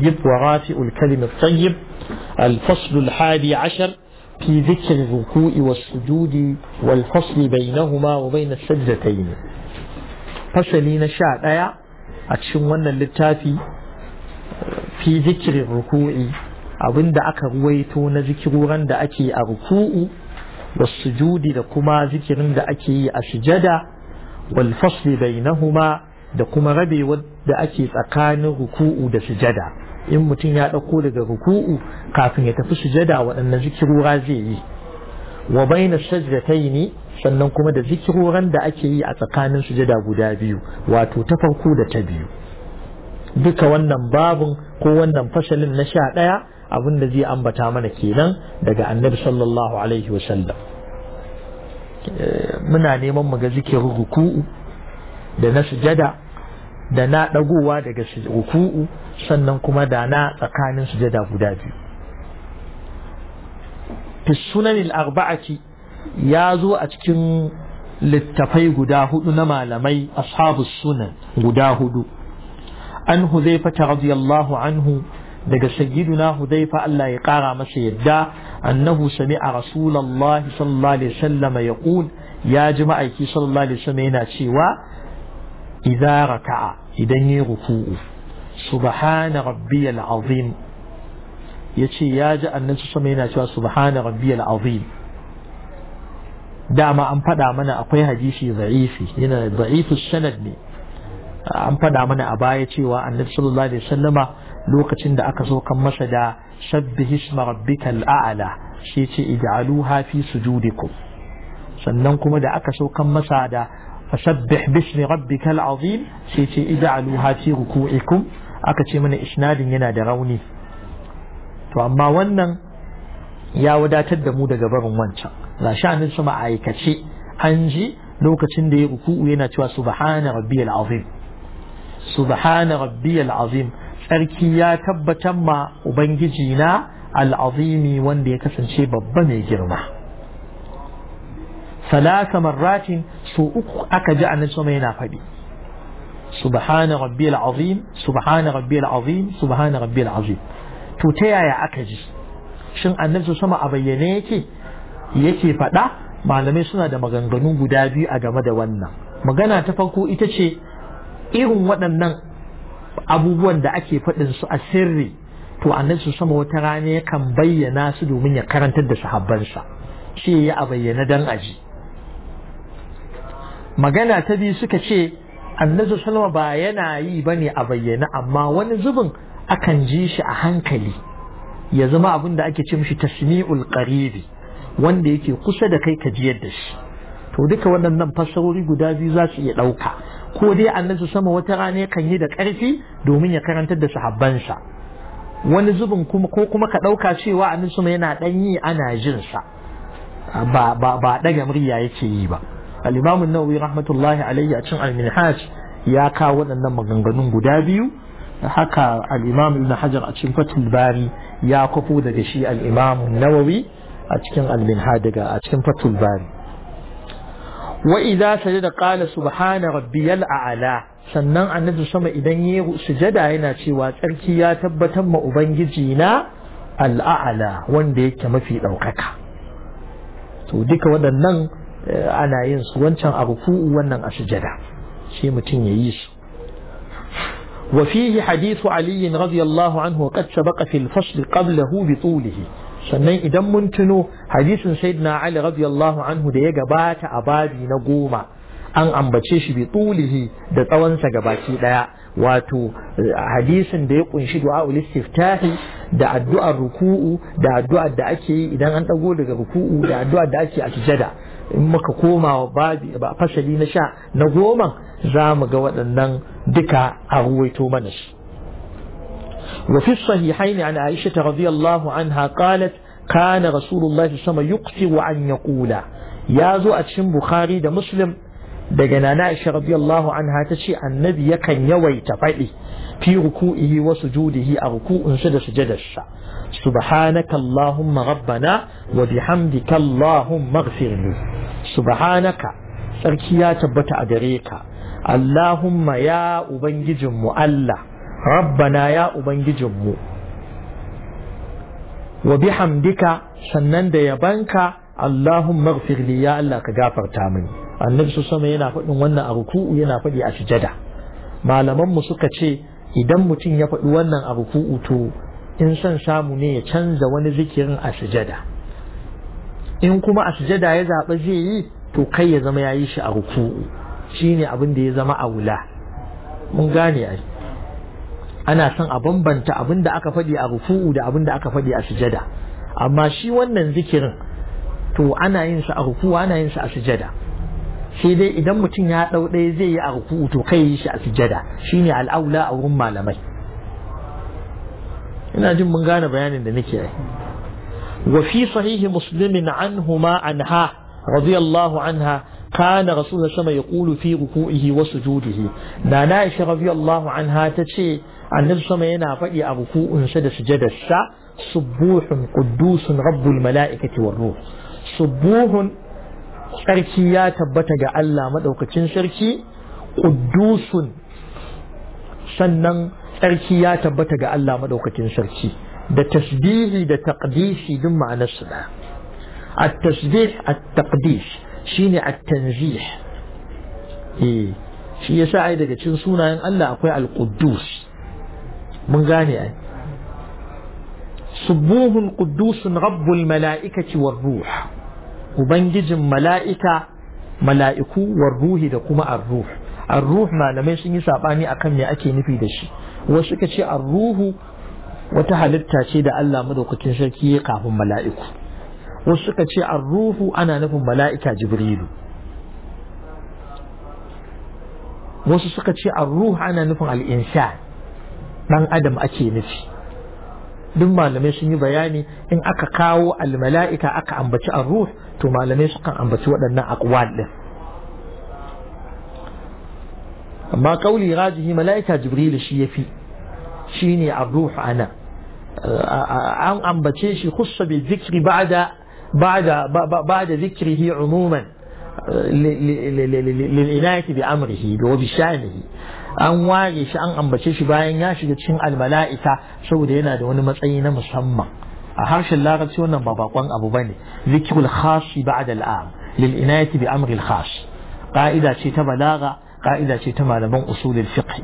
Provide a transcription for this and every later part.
الطيب ورافع الكلم الطيب الفصل الحادي عشر في ذكر الركوع والسجود والفصل بينهما وبين السجدتين فصلين نشاء ايا أتشن ون اللتافي في ذكر الركوع أبن دا أكا رويتو نذكرورا دا أكي الركوع والسجود دا كما ذكر دا أكي السجدة والفصل بينهما da kuma rabe da ake tsakanin ruku'u da sujada in mutum ya ɗauko daga ruku'u kafin ya tafi sujada waɗannan zikirora zai yi wa baina ne sannan kuma da zikiroran da ake yi a tsakanin sujada guda biyu wato ta farko da ta biyu duka wannan babun ko wannan fasalin na sha ɗaya abin da zai ambata mana kenan daga annabi sallallahu alaihi wasallam eh, muna neman mu ga zikirin ruku'u da na sujada da na ɗagowa daga ruku'u sannan kuma da na tsakanin sujada guda biyu fi sunanin arba'ati ya zo a cikin littafai guda hudu na malamai sabis sunan guda hudu an huzaifa ta radiyallahu anhu daga na huzaifa Allah ya kara masa yadda annahu sami'a rasulullahi sallallahu alaihi wasallam yaqul ya ji ma'aiki sallallahu alaihi wasallam yana cewa idza raka'a idan yi ruku'u subhana rabbiyal azim yace ya ji annabi sama yana cewa subhana rabbiyal azim dama an faɗa mana akwai hadisi za'ifi yana za'ifu sanad ne an faɗa mana a baya cewa annabi sallallahu alaihi wasallama lokacin da aka so kan masa da sabbih isma rabbikal a'la shi ce ij'aluha fi sujudikum sannan kuma da aka so kan masa da fasabbih bismi rabbikal azim sai ce ij'aluha fi ruku'ikum aka ce mana isnadin yana da rauni to amma wannan ya wadatar da mu daga barin wancan ga sha'anin su ma'aikace an ji lokacin da ya ruku'u yana cewa subhana rabbiyal azim subhana rabbiyal azim Sarki ya tabbatar ma ubangiji na al'azimi wanda ya kasance babba mai girma ثلاث مرات سو أكو أكجع نسمينا فبي سبحان ربي العظيم سبحان ربي العظيم سبحان ربي العظيم to ta yaya aka ji shin annabi sama a bayyane yake yake faɗa malamai suna da maganganu guda biyu a game da wannan magana ta farko ita ce irin waɗannan abubuwan da ake faɗin su a sirri to annabi sama wata rana yakan bayyana su domin ya karantar da sahabbansa shi ya a bayyana dan aji magana ta biyu suka ce annabi salama ba yana yi ba ne a bayyana amma wani zubin akan ji shi a hankali ya zama abin da ake ce mishi tasmi'ul qaribi wanda yake kusa da kai ka ji yadda shi to duka waɗannan fassarori guda biyu za su iya ɗauka ko dai annabi sama wata rana kan yi da ƙarfi domin ya karantar da sahabbansa wani zubin kuma ko kuma ka ɗauka cewa annabi sama yana ɗan yi ana jinsa ba ba ba ɗaga murya yake yi ba al-imam an-nawawi alayhi a cikin al-minhaj ya kawo waɗannan maganganun guda biyu haka al-imam ibn hajar a cikin fatul bari ya kwafo daga shi al-imam an-nawawi a cikin al-minhaj daga a cikin fatul bari wa idza sajada qala subhana rabbiyal a'la sannan annabi sama idan yayi sujada yana cewa tsarki ya tabbatar ma ubangiji na al'a'ala wanda yake mafi ɗaukaka. to duka waɗannan Eh, ana yin su wancan a ruku'u wannan a sujada sai mutum ya yi su وفيه حديث علي رضي anhu عنه وقد سبق في الفصل bi tulihi? sannan idan mun tuno hadisin sayyidina ali radiyallahu anhu da ya gabata a babi na goma an ambace shi bi tulihi da tsawonsa gabaki daya wato eh, hadisin da ya kunshi du'a ul istiftahi da addu'ar ruku'u da addu'ar da ake yi idan an dago daga ruku'u da addu'ar da ake a sujada in muka koma wa babi ba fasali na sha na goma za mu ga waɗannan duka a ruwaito mana shi وفي الصحيحين عن عائشة رضي الله عنها قالت كان رسول الله صلى الله عليه وسلم يقصر أن يقول يا زو أتشم بخاري دا مسلم دقنا عائشة رضي الله عنها تشي النبي يكن يوي تفعلي في ركوئه وسجوده أركوء سد سجد الشع subhanaka allahumma rabbana wa bihamdika allahumma ighfirli subhanaka sarki ya tabbata a gare ka allahumma ya ubangijinmu allah rabbana ya ubangijinmu wa bihamdika sannan da yabanka allahumma ighfirli ya allah ka gafarta mini annabi su sama yana faɗin wannan a ruku'u yana faɗi a sujada malamanmu suka ce idan mutum ya faɗi wannan a ruku'u to in son samu ne ya canza wani zikirin a sujada in kuma a sujada ya zaɓi zai yi to kai ya zama ya yi shi a ruku'u ne abin da ya zama a wula mun gane ai ana son a bambanta abin da aka faɗi a ruku'u da abin da aka faɗi a sujada amma shi wannan zikirin to ana yin sa a ruku'u ana yin sa a sujada sai dai idan mutum ya ɗau ɗaya zai yi a ruku'u to kai yi shi a sujada Shi shine al'aula a wurin malamai ina jin mun gane bayanin da nake yi wa fi sahihi muslim anhuma anha radiyallahu anha kana rasulullahi sallallahu yaqulu fi ruku'ihi wa sujudihi da na isha radiyallahu anha tace annabi sama yana faɗi a ruku'un sa da sujudar sa subuhun quddusun rabbul malaikati war ruh subuhun sarki ya tabbata ga Allah madaukakin sarki quddusun sannan tsarki ya tabbata ga Allah madaukakin sarki da tasbihi da taqdisi duk ma'anar su da at-tasbih at-taqdis shine at-tanzih eh shi yasa ai daga cikin sunayen Allah akwai al-quddus mun gane ai subuhun quddusun rabbul mala'ikati war ruh ubangijin mala'ika mala'iku war ruhi da kuma ar-ruh ar-ruh malamai sun yi sabani akan me ake nufi da shi wasu ka ce ruhu wata halitta ce da Allah madaukakin sarki ya kafin mala'iku wasu suka ce ruhu ana nufin mala'ika jibrilu wasu suka ce ruhu ana nufin al'insa ɗan adam ake nufi duk malamai sun yi bayani in aka kawo al-mala'ika aka ambaci ruhu to malamai sukan ambaci waɗannan akwal ɗin amma kauli rajihi mala'ika jibril shi yafi shine ar-ruh ana an ambace shi khussa bi zikri ba'da ba'da ba'da zikrihi umuman للعناية بأمره وبشأنه an ware shi an ambace shi bayan ya shiga cikin almala'ika saboda yana da wani matsayi na musamman a harshen larabci wannan ba bakon abu bane zikrul khasi ba'da al'am lil bi amri al khas qa'ida ce ta balaga قاعدة تما لمن أصول الفقه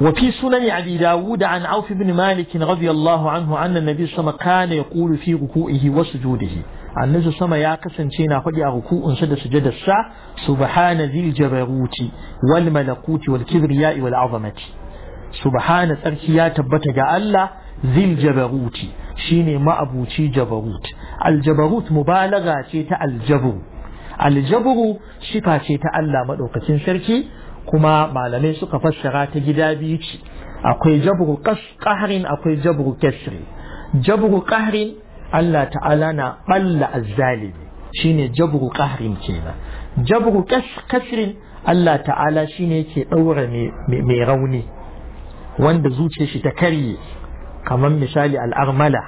وفي سنن أبي داود عن عوف بن مالك رضي الله عنه أن عن النبي صلى الله عليه وسلم كان يقول في ركوعه وسجوده عن نزل صلى الله عليه وسلم فدي ركوع سد سجد الساعة سبحان ذي الجبروت والملكوت والكبرياء والعظمة سبحان تركيا تبتك الله ذي الجبروت شيني ما أبوتي جبروت الجبروت مبالغة تيتا الجبروت aljabru shifa ce ta Allah maɗaukacin sarki kuma malamai suka fassara ta gida biyu ce akwai jabru qahrin akwai jabru kasri jabru qahrin Allah ta'ala na balla azzalimi shine jabru qahrin kenan jabru kasrin Allah ta'ala shine yake daura mai rauni wanda zuce shi ta karye kamar misali al'armala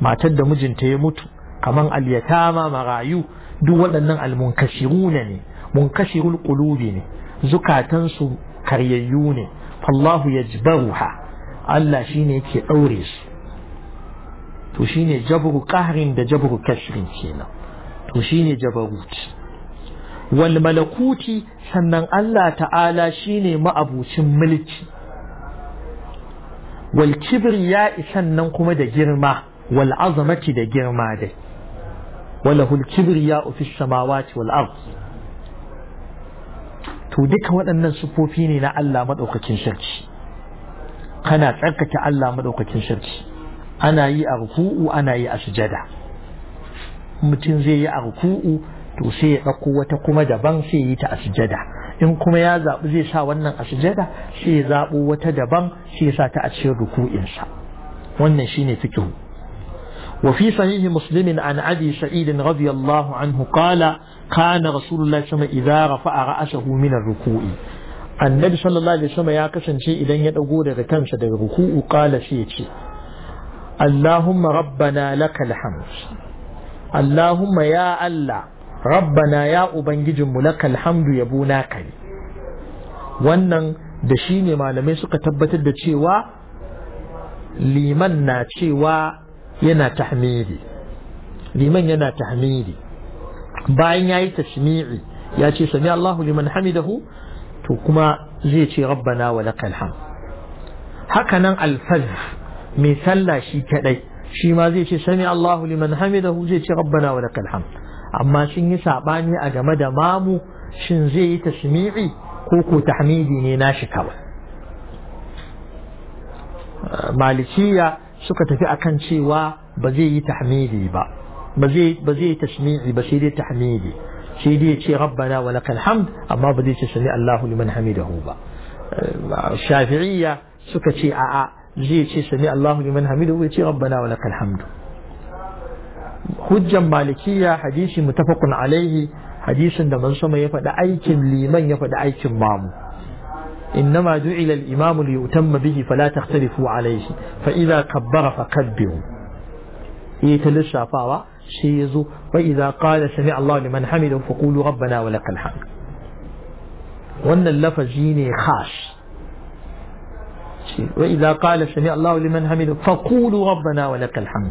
matar da mijinta ya mutu kamar alyatama marayu duk waɗannan almunkashiruna ne munkashirul ƙulubi ne zukatansu karyayyu ne fallahu yajbaruha Allah ne yake daure su to ne jabru ƙaharin da jabru kashrin kenan to ne jabarut wal malakuti sannan Allah ta'ala shine ma'abucin mulki wal kibriya sannan kuma da girma wal azamati da girma dai وله الكبرياء في السماوات والأرض to duka waɗannan sifofi ne na Allah maɗaukakin sarki kana tsarkake Allah maɗaukakin sarki ana yi a ruku'u ana yi a sujada mutum zai yi a ruku'u to sai ya ɗauko wata kuma daban sai yi ta a sujada in kuma ya zaɓi zai sa wannan a sujada sai ya zaɓo wata daban sai ya sa ta a cikin ruku'insa wannan shine fikihu وفي صحيح مسلم عن أبي سعيد رضي الله عنه قال كان رسول الله صلى الله عليه وسلم إذا رفع رأسه من الركوع النبي صلى الله عليه وسلم يقسم شيء إذا يدعو ركان شد الركوع قال شيء شيء اللهم ربنا لك الحمد اللهم يا الله ربنا يا أبنجم لك الحمد يبونا كلي wannan da shi ne malamai suka tabbatar da cewa liman na cewa yana tahmidi liman yana tahmidi bayan yayi tasmi'i ya ce sami Allahu liman hamidahu to kuma zai ce rabbana wa lakal ham hakanan alfaz mai sallah shi kadai shi ma zai ce sami Allahu liman hamidahu zai ce rabbana wa lakal ham amma sun yi sabani a game da mamu shin zai yi tasmi'i ko ko tahmidi ne nashi kawai malikiya suka tafi akan cewa ba zai yi tahmidi ba ba zai yi zai ba sai dai tahmidi sai dai ce rabbana wa lakal hamd amma ba zai ce sami Allahu liman hamidahu ba eh, shafi'iyya suka ce a'a zai ce sami Allahu liman hamidahu ya ce rabbana wa lakal hamd hujjan malikiya hadisi mutafaqun alaihi hadisin da man sama ya faɗi aikin liman ya faɗi aikin mamu إنما جعل الإمام ليؤتم به فلا تختلفوا عليه فإذا كبر فكبروا إيه تلسى فاوى شيزو وإذا قال سمع الله لمن حمد فقولوا ربنا ولك الحمد وأن اللفجين خاش وإذا قال سمع الله لمن حمد فقولوا ربنا ولك الحمد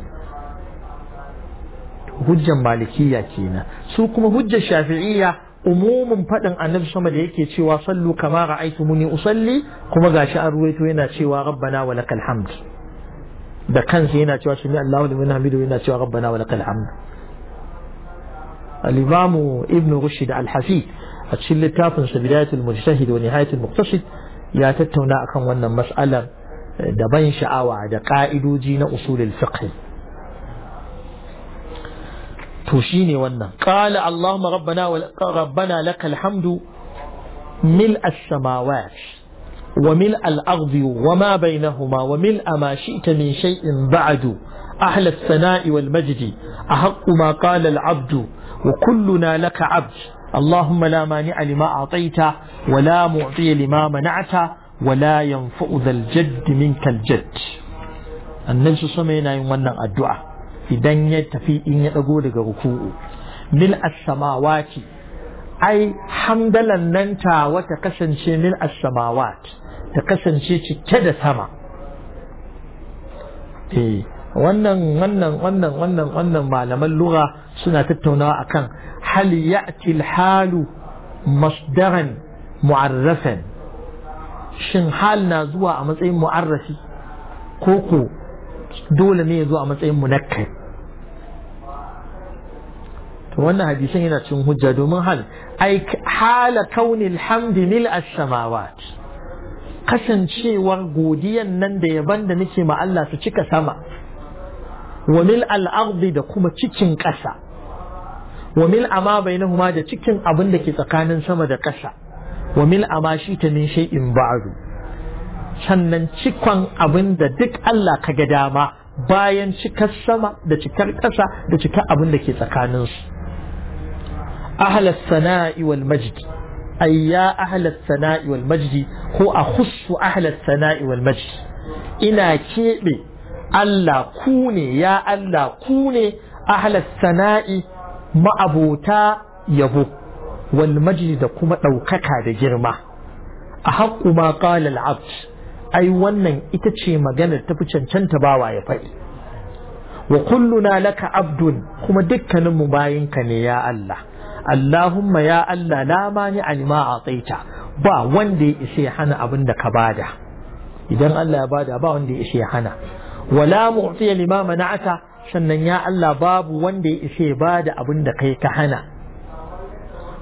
هجة مالكية كينا سوكم هجة شافعية umumin faɗin annabi sama da yake cewa sallu kama ra'aitu muni usalli kuma gashi an ruwaito yana cewa rabbana wa lakal hamd da kansa yana cewa sami Allahu liman hamidu yana cewa rabbana wa lakal hamd al-imam ibn rushd al-hafi a cikin littafin sa bidayatul mujtahid wa nihayatul muqtasid ya tattauna akan wannan mas'alar da ban sha'awa da ka'idoji na usulul fiqh to shine wannan qala allahumma rabbana wa rabbana lakal hamdu mil as-samawat wa mil al-ardi wa ma bainahuma wa mil ma shi'ta min shay'in ba'du الثناء والمجد أحق ما قال العبد وكلنا لك عبد اللهم لا مانع لما أعطيت ولا معطي لما منعت ولا ينفع ذا الجد منك الجد النبي صلى الله عليه وسلم الدعاء idan ya tafi in ya ɗago daga ruku'u mil as-samawati ai hamdalan nan ta wata kasance mil as-samawat ta kasance cike da sama eh wannan wannan wannan wannan wannan malaman lugha suna tattaunawa akan hal ya'ti al-halu masdaran mu'arrafan shin hal na zuwa a matsayin mu'arrafi ko ko dole ne ya zo a matsayin munakkar wannan hadisin yana cin hujja domin hal hala kaunil hamdi mil as-samawat kasancewar godiyan nan da yaban da nake ma Allah su cika sama wa mil al-ardi da kuma cikin ƙasa wa mil ama bainahuma da cikin abin da ke tsakanin sama da ƙasa wa mil ama shi ta min shay'in ba'du sannan cikon abin da duk Allah ka ga dama bayan cikar sama da cikar ƙasa da cikar abin da ke tsakaninsu أهل الثناء والمجد أي يا أهل الثناء والمجد هو أخص أهل الثناء والمجد إنا كيبي ألا كوني يا ألا كوني أهل الثناء ما أبوتا يبو والمجد دا كما أوكاكا دا جرما أحق ما قال العبد أي ونن إتشي مجانا تفشن شنتباوا يفعي وكلنا لك عبد كما دكنا مباينك يا الله Allahumma ya Allah la mani an ma ataita ba wanda ya ishe hana abin da ka bada idan Allah ya bada ba wanda ya ishe hana wala mu'tiya lima mana'ata sannan ya Allah babu wanda ya ishe bada abin da kai ka hana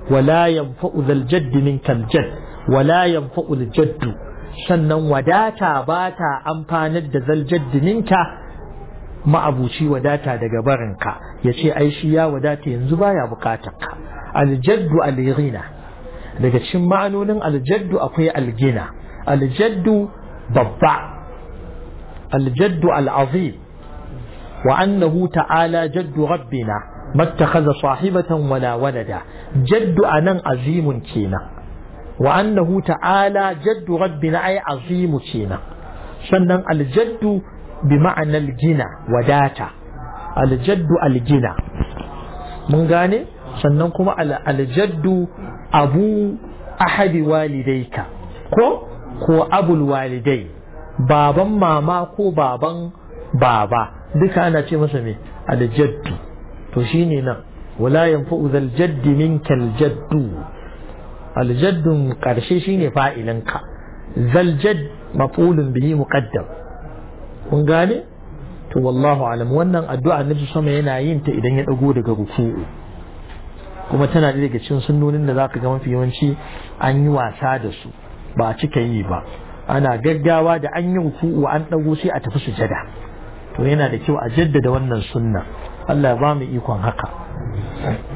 wala yanfa'u zal jadd minkal jadd wala yanfa'u al jadd sannan wadata ba ta amfanar da zal jadd minka ma'abuci wadata daga barinka ya ce ai shi ya wadata yanzu baya bukatar ka aljaddu alghina daga cikin ma'anonin aljaddu akwai algina aljaddu babba aljaddu al'azim wa annahu ta'ala jaddu rabbina mattakhadha sahibatan wala walada jaddu anan azimun kenan wa annahu ta'ala jaddu rabbina ay azimu kenan sannan aljaddu bi ma'anar gina wadata aljaddu aljina mun gane sannan kuma aljaddu abu ahadi walidaika ko ko abul walidai baban mama ko baban baba duka ana ce masa me aljaddu to shine nan wala yanfa'u jaddi minkal jaddu aljaddun karshe shine fa'ilinka zaljad jadd maf'ulun bihi muqaddam kun gane to wallahu alam wannan addu'a su sama yana yin ta idan ya dago daga ruku'u kuma tana da daga cikin sunnonin da zaka ga mafi yawanci an yi wasa da su ba a cika yi ba ana gaggawa da an yi ruku'u an dago sai a tafi sujada to yana da kyau a jaddada wannan sunna Allah ya ba mu ikon haka